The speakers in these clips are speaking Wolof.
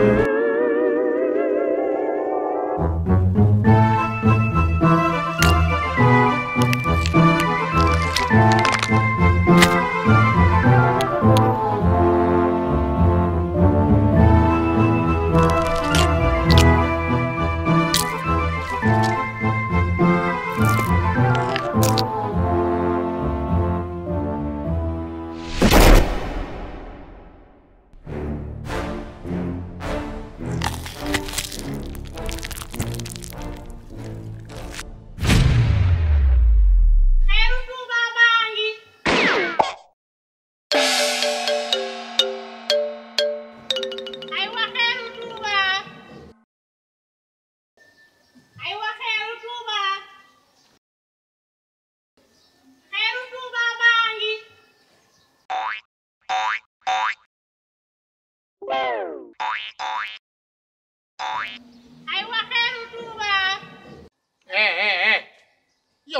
Thank you.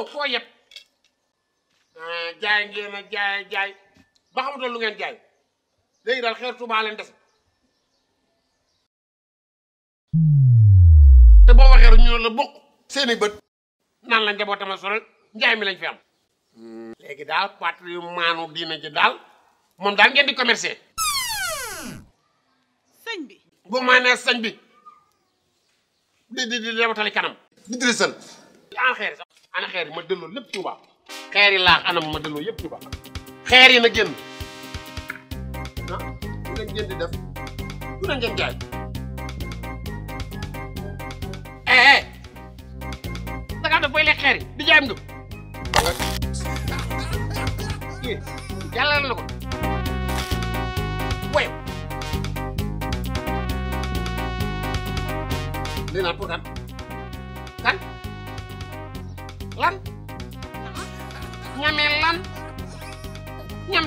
yow koo yeb jaay ngeen jaay ba xamutoon lu ngeen jaay léegi daal xeer Tuubaa leen des te boo waxee rek ñu la bokk seeni bët naan la njabootam a sonal njaay mi lañ fi am léegi daal patrimoine u diina ji daal moom daal ngeen di commercer sëñ bi bu ma nee bi di di di rebatali kanam di dirisal aan xeer ana xeer ma delloo lépp Touba xeer yi laax anam ma delloo yëpp Touba xeer na génn ah bu leen génn di def bu leen ngeen jaay eh da ngaa def booy lekk xeer yi di jaayam nga jàllale na ko woy lii naan pour lan ñamee lan ñam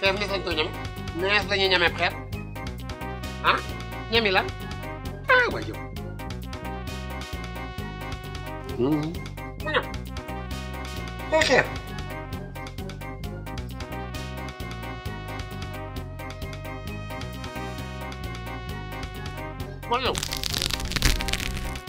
tentunya ñam xeer nes lañ ah ñami lan ah waay hmm mu ñam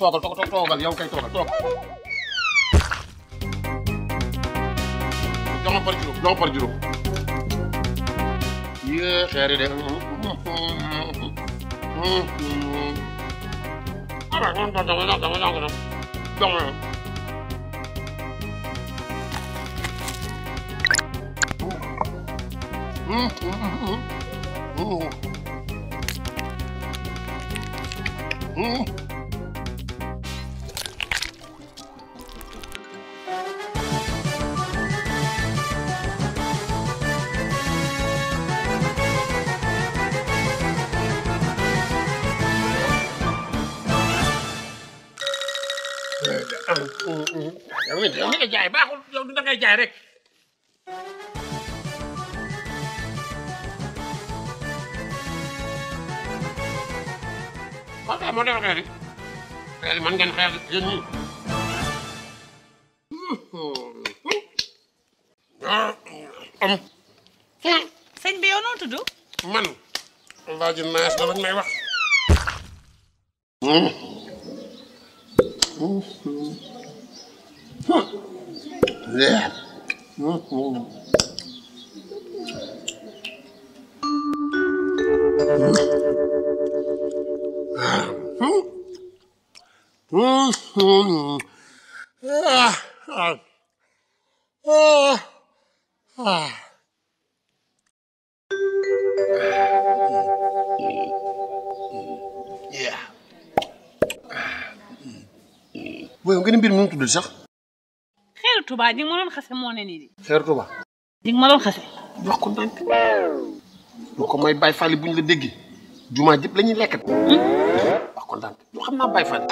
toogal toogal toogal yow kay toogal toogal. jox ma par juróom jox ma par Mm-hmm. Damit, damit aku yang mana kan Man. Yeah. Yeah. mooy nga ni mbir mi nu tudd sax. xeeru Touba di ma doon xase moo ne nii di nga ma doon xase. wax ko ndànk. lu ko mooy Baye Fall buñ la déggee jumaa jëpp la ñuy lekkat. wax ko ndànk yoo xam naa Baye Fall.